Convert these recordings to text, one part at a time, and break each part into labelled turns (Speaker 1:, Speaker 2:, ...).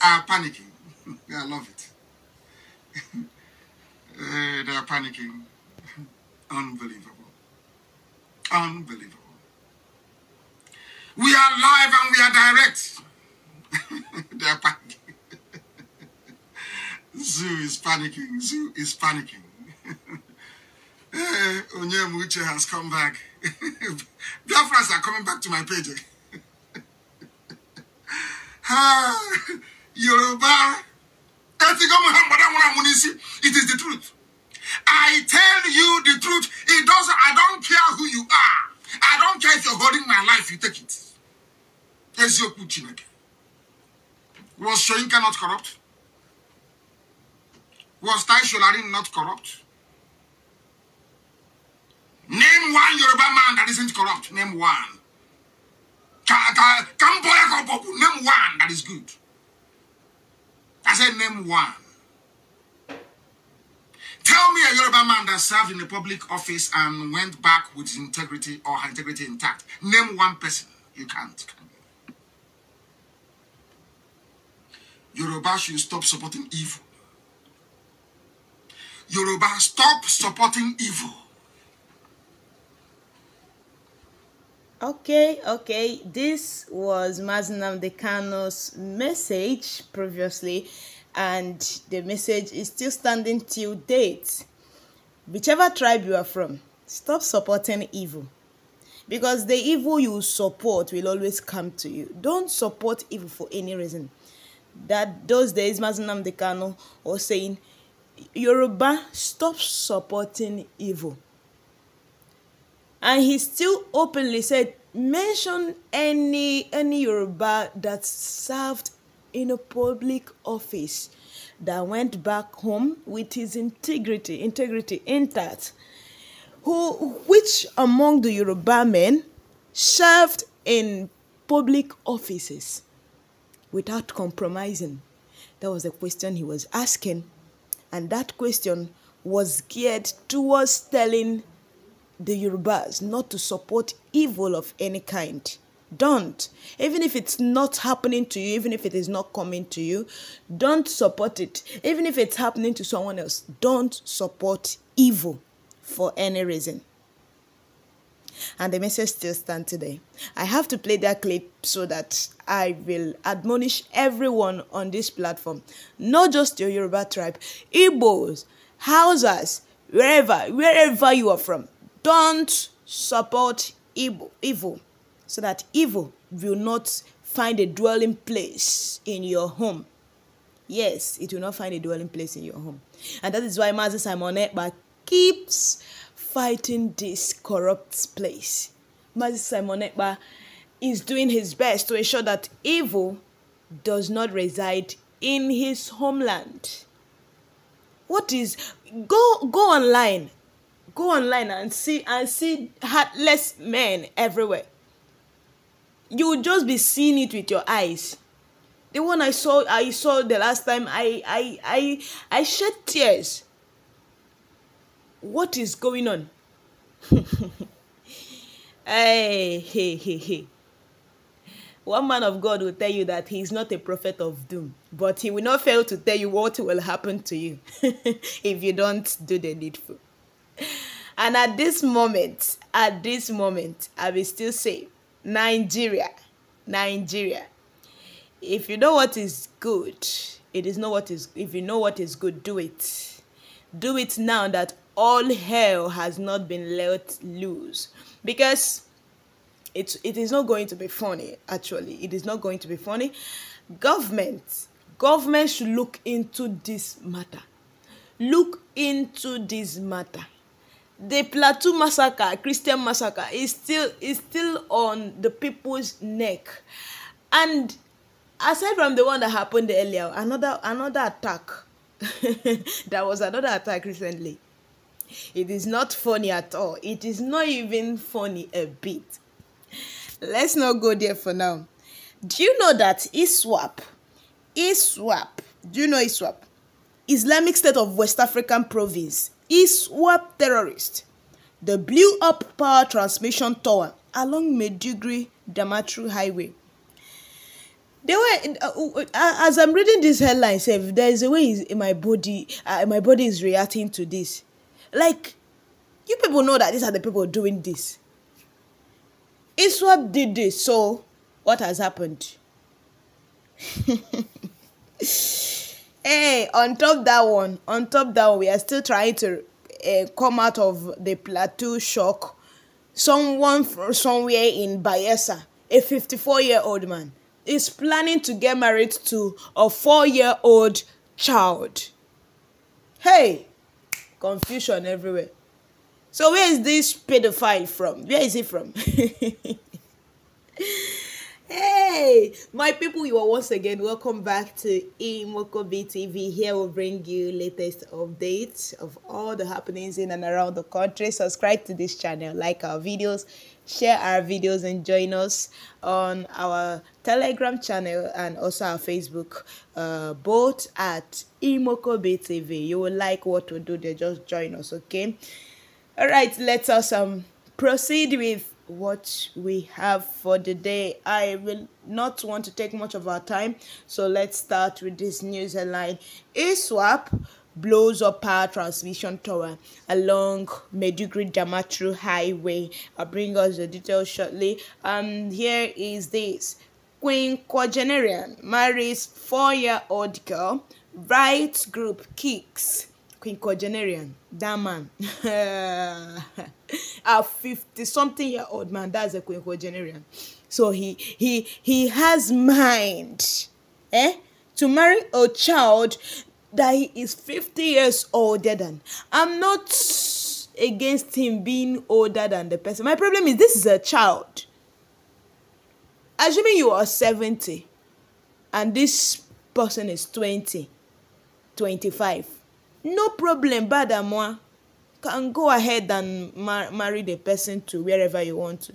Speaker 1: are panicking. I love it. uh, they are panicking. Unbelievable. Unbelievable. We are live and we are direct. they are panicking. Zoo is panicking. Zoo is panicking. hey, eh, Onyem has come back. Biafras are coming back to my page. Yoruba. It is the truth. I tell you the truth. It doesn't, I don't care who you are. I don't care if you're holding my life, you take it. Eziokwu Chineke. Was Shoinka not corrupt? Was Tai Sholarin not corrupt? Name one Yoruba man that isn't corrupt. Name one. Name one that is good. I said, name one. Tell me a Yoruba man that served in a public office and went back with integrity or integrity intact. Name one person. You can't. Yoruba should stop supporting evil.
Speaker 2: Yoruba, stop supporting evil. Okay, okay, this was Mazinam Decano's message previously, and the message is still standing till date. Whichever tribe you are from, stop supporting evil. Because the evil you support will always come to you. Don't support evil for any reason. That those days Mazinam Decano was saying, Yoruba, stop supporting evil and he still openly said mention any any Yoruba that served in a public office that went back home with his integrity integrity intact who which among the Yoruba men served in public offices without compromising that was the question he was asking and that question was geared towards telling the Yorubas not to support evil of any kind. Don't. Even if it's not happening to you, even if it is not coming to you, don't support it. Even if it's happening to someone else, don't support evil for any reason. And the message still stands today. I have to play that clip so that I will admonish everyone on this platform, not just your Yoruba tribe, Igbos, Hausas, wherever, wherever you are from. Don't support evil, evil so that evil will not find a dwelling place in your home. Yes, it will not find a dwelling place in your home. And that is why Master Simon Ekba keeps fighting this corrupt place. Master Simon Ekba is doing his best to ensure that evil does not reside in his homeland. What is go go online Go online and see and see heartless men everywhere. You will just be seeing it with your eyes. The one I saw I saw the last time I I I I shed tears. What is going on? hey, hey, hey, hey. One man of God will tell you that he is not a prophet of doom, but he will not fail to tell you what will happen to you if you don't do the needful and at this moment at this moment i will still say nigeria nigeria if you know what is good it is not what is if you know what is good do it do it now that all hell has not been let loose because it, it is not going to be funny actually it is not going to be funny government government should look into this matter look into this matter the Plateau massacre, Christian massacre, is still is still on the people's neck, and aside from the one that happened earlier, another another attack. there was another attack recently. It is not funny at all. It is not even funny a bit. Let's not go there for now. Do you know that ISWAP, ISWAP, do you know ISWAP? Islamic State of West African Province ISWAP terrorists. They blew up power transmission tower along Medjugorje Damaturu Highway. They were uh, uh, uh, uh, as I'm reading this headline, say there is a way in my body, uh, my body is reacting to this. Like, you people know that these are the people doing this. ISWAP did this, so what has happened? Hey, on top that one, on top that one, we are still trying to uh, come out of the plateau shock. Someone from somewhere in Bayelsa, a 54-year-old man, is planning to get married to a four-year-old child. Hey, confusion everywhere. So where is this pedophile from? Where is he from? Hey, my people, you are once again welcome back to Imoko BTV. Here we'll bring you latest updates of all the happenings in and around the country. Subscribe to this channel, like our videos, share our videos, and join us on our Telegram channel and also our Facebook, uh, both at Imoko BTV. You will like what we do there, just join us, okay? All right, let us um proceed with what we have for the day. I will not want to take much of our time, so let's start with this news headline. swap blows up power transmission tower along Medugri Damatru Highway. I'll bring us the details shortly. Um, here is this Queen quinquagenarian marries four-year-old girl. Rights group kicks quinquagenarian, that man, a 50 something year old man, that's a quinquagenarian. So he he he has mind eh, to marry a child that he is 50 years older than. I'm not against him being older than the person. My problem is this is a child. Assuming you are 70 and this person is 20, 25 no problem bad and can go ahead and mar marry the person to wherever you want to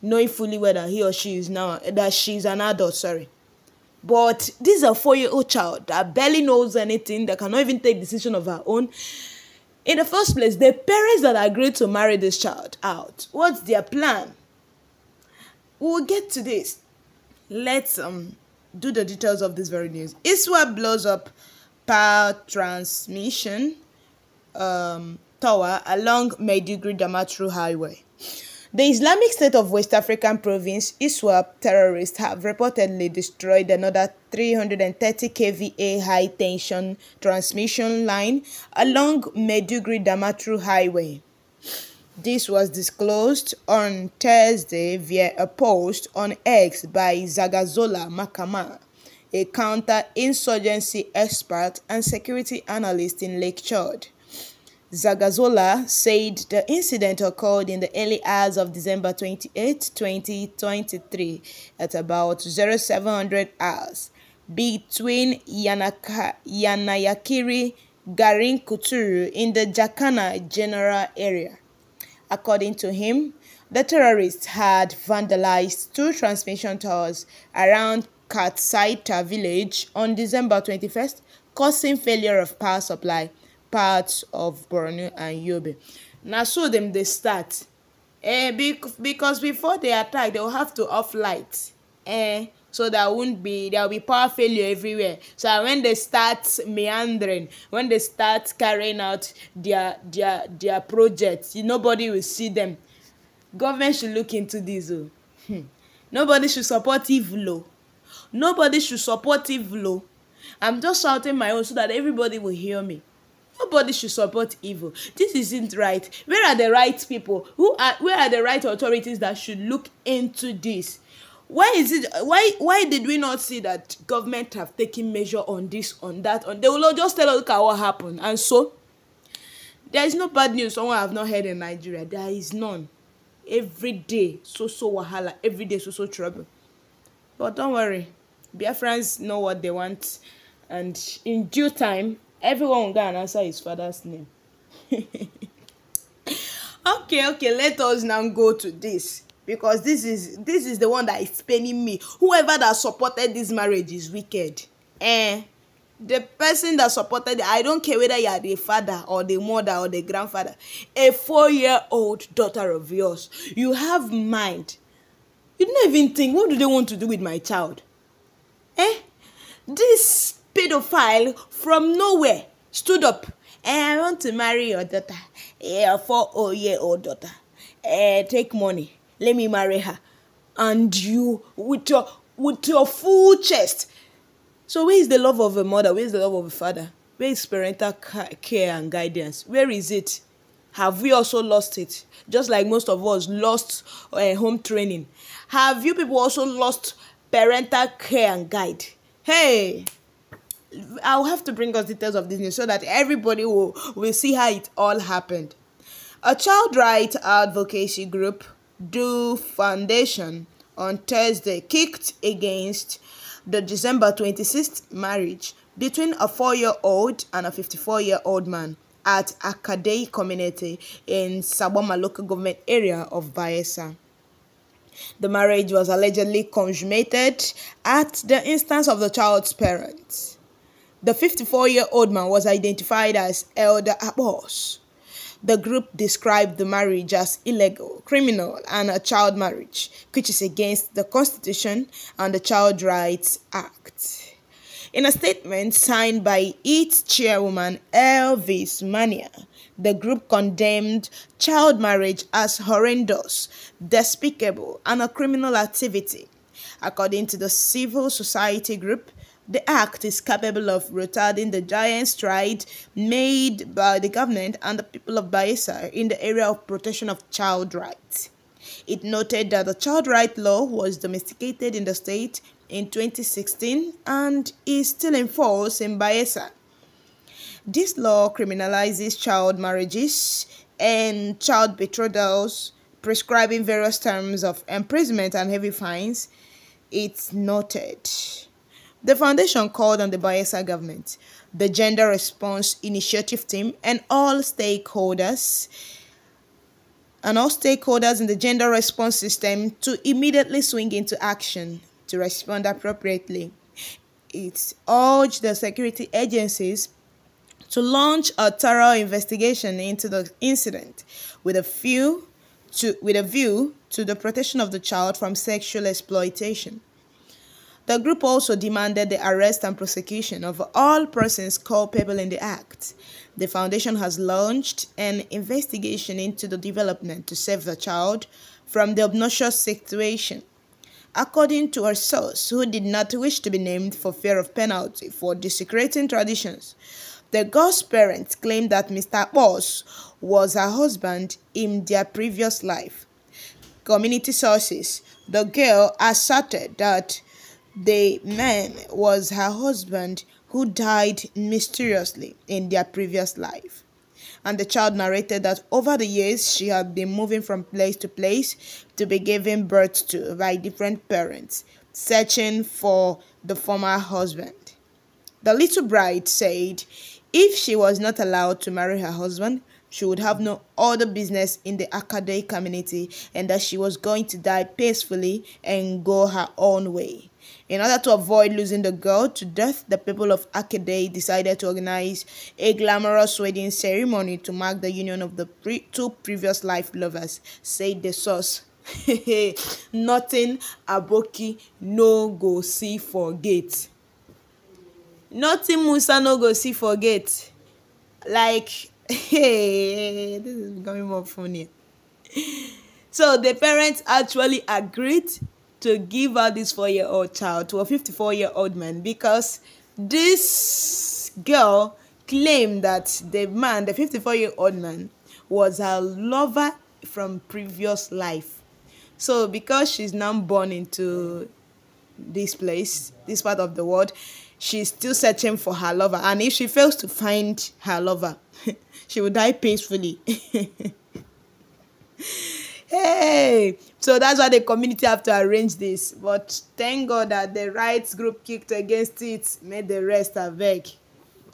Speaker 2: knowing fully well that he or she is now that she's an adult sorry but this is a four-year-old child that barely knows anything that cannot even take decision of her own in the first place the parents that agreed to marry this child out what's their plan we'll get to this let's um do the details of this very news iswa blows up power transmission um, tower along Maiduguri Damatru Highway. The Islamic State of West African Province ISWAP terrorists have reportedly destroyed another 330 kVA high tension transmission line along Maiduguri Damatru Highway. This was disclosed on Thursday via a post on X by Zagazola Makama a counter-insurgency expert and security analyst in Lake Chad. Zagazola said the incident occurred in the early hours of December 28, 2023, at about 0700 hours between Yanaka, Yanayakiri Garin Kuturu in the Jakana general area. According to him, the terrorists had vandalized two transmission towers around Katsina village on December 21, causing failure of power supply parts of Borno and Yobe. Now so them dey start. Eh, because before they attack, they will have to off light. Eh, so there won't be there will be power failure everywhere. So when they start meandering, when they start carrying out their their their projects, nobody will see them. Government should look into this. Oh. Hmm. Nobody should support evil. Oh. Nobody should support evil. Oh. I'm just shouting my own so that everybody will hear me. Nobody should support evil. This isn't right. Where are the right people? Who are where are the right authorities that should look into this? Why is it why why did we not see that government have taken measure on this, on that, on they will all just tell us look at what happened. And so there is no bad news someone have not heard in Nigeria. There is none. Every day, so so wahala, every day so so trouble. But don't worry. Biafrans know what they want, and in due time, everyone will go and answer his father's name. okay, okay, let us now go to this because this is this is the one that is paining me. Whoever that supported this marriage is wicked. Eh, the person that supported it, I don't care whether you are the father or the mother or the grandfather, a four-year-old daughter of yours, you have mind. You don't even think, what do they want to do with my child? Eh? This pedophile from nowhere stood up. Eh, I want to marry your daughter, your four-year-old oh, oh, daughter. Eh, take money. Let me marry her. And you, with your, with your full chest. So where is the love of a mother? Where is the love of a father? Where is parental care and guidance? Where is it? Have we also lost it? Just like most of us lost uh, home training. Have you people also lost parental care and guide. Hey, I'll have to bring us details of this news so that everybody will, will see how it all happened. A child rights advocacy group, Do Foundation, on Thursday kicked against the December 26th marriage between a four year old and a 54 year old man at Akadei community in Saboma local government area of Bayelsa. The marriage was allegedly consummated at the instance of the child's parents. The 54 year old man was identified as Elder Abos. The group described the marriage as illegal, criminal, and a child marriage, which is against the Constitution and the Child Rights Act. In a statement signed by its chairwoman, Elvis Mania, the group condemned child marriage as horrendous, despicable, and a criminal activity. According to the civil society group, the act is capable of retarding the giant stride made by the government and the people of Baeza in the area of protection of child rights. It noted that the child right law was domesticated in the state in 2016 and is still in force in Baeza. This law criminalizes child marriages and child betrothals, prescribing various terms of imprisonment and heavy fines. It's noted. The foundation called on the Bayelsa government, the Gender Response Initiative team, and all stakeholders and all stakeholders in the gender response system to immediately swing into action to respond appropriately. It urged the security agencies to launch a thorough investigation into the incident with a view to, with a view to the protection of the child from sexual exploitation. The group also demanded the arrest and prosecution of all persons culpable in the act. The foundation has launched an investigation into the development to save the child from the obnoxious situation. According to a source who did not wish to be named for fear of penalty for desecrating traditions, the girl's parents claimed that Mr. Boss was her husband in their previous life. Community sources. The girl asserted that the man was her husband who died mysteriously in their previous life. And the child narrated that over the years she had been moving from place to place to be given birth to by different parents, searching for the former husband. The little bride said if she was not allowed to marry her husband, she would have no other business in the Akadei community and that she was going to die peacefully and go her own way. In order to avoid losing the girl to death, the people of Akadei decided to organize a glamorous wedding ceremony to mark the union of the pre two previous life lovers, said the source. Nothing Aboki no go see for nothing musa no go see forget, like hey this is becoming more funny so the parents actually agreed to give out this four-year-old child to a 54-year-old man because this girl claimed that the man the 54-year-old man was her lover from previous life so because she's now born into this place this part of the world she's still searching for her lover. And if she fails to find her lover, she will die peacefully. hey! So that's why the community have to arrange this. But thank God that the rights group kicked against it, made the rest avec.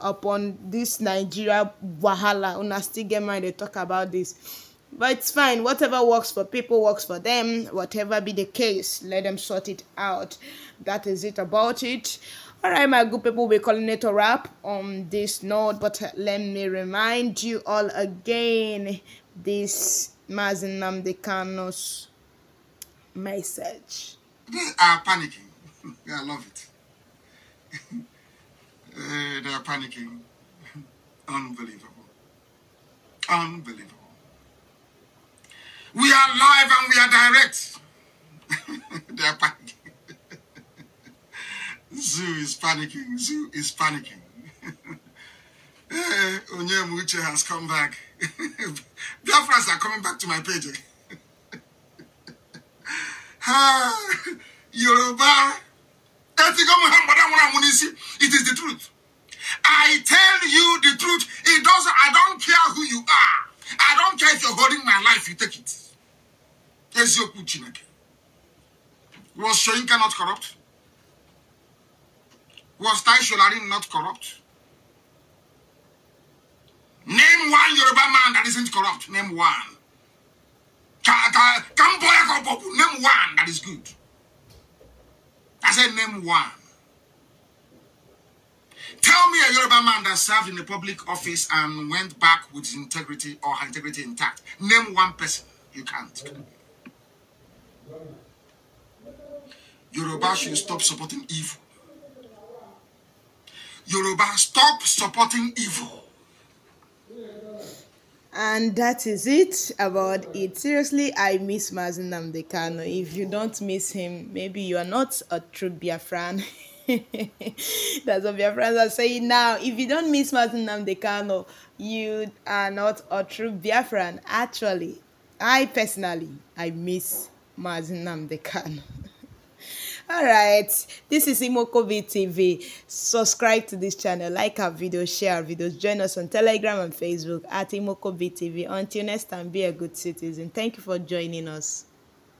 Speaker 2: Upon this Nigeria wahala, una still get mind they talk about this. But it's fine. Whatever works for people works for them. Whatever be the case, let them sort it out. That is it about it all right my good people we're calling it a wrap on this note but let me remind you all again this Mazin Namdekano's message They are panicking i love it
Speaker 1: uh, they are panicking unbelievable unbelievable we are live and we are direct they are panicking zoo is panicking zoo is panicking hey, eh, Onyemuche has come back Biafras are coming back to my page Yoruba it is the truth I tell you the truth it does. I don't care who you are I don't care if you're holding my life you take it eziokwu Chineke was showing cannot corrupt Was Tai Solarin not corrupt? Name one Yoruba man that isn't corrupt. Name one. Name one that is good. I said name one. Tell me a Yoruba man that served in a public office and went back with his integrity or her integrity intact. Name one person. You can't. Yoruba should stop supporting evil.
Speaker 2: Yoruba, stop supporting evil. And that is it about it. Seriously, I miss Mazin Namdekano. If you don't miss him, maybe you are not a true Biafran. That's what Biafrans are saying now. If you don't miss Mazin Namdekano, you are not a true Biafran. Actually, I personally, I miss Mazin Namdekano all right this is imokobi tv subscribe to this channel like our videos share our videos join us on telegram and facebook at imokobi tv until next time be a good citizen thank you for joining us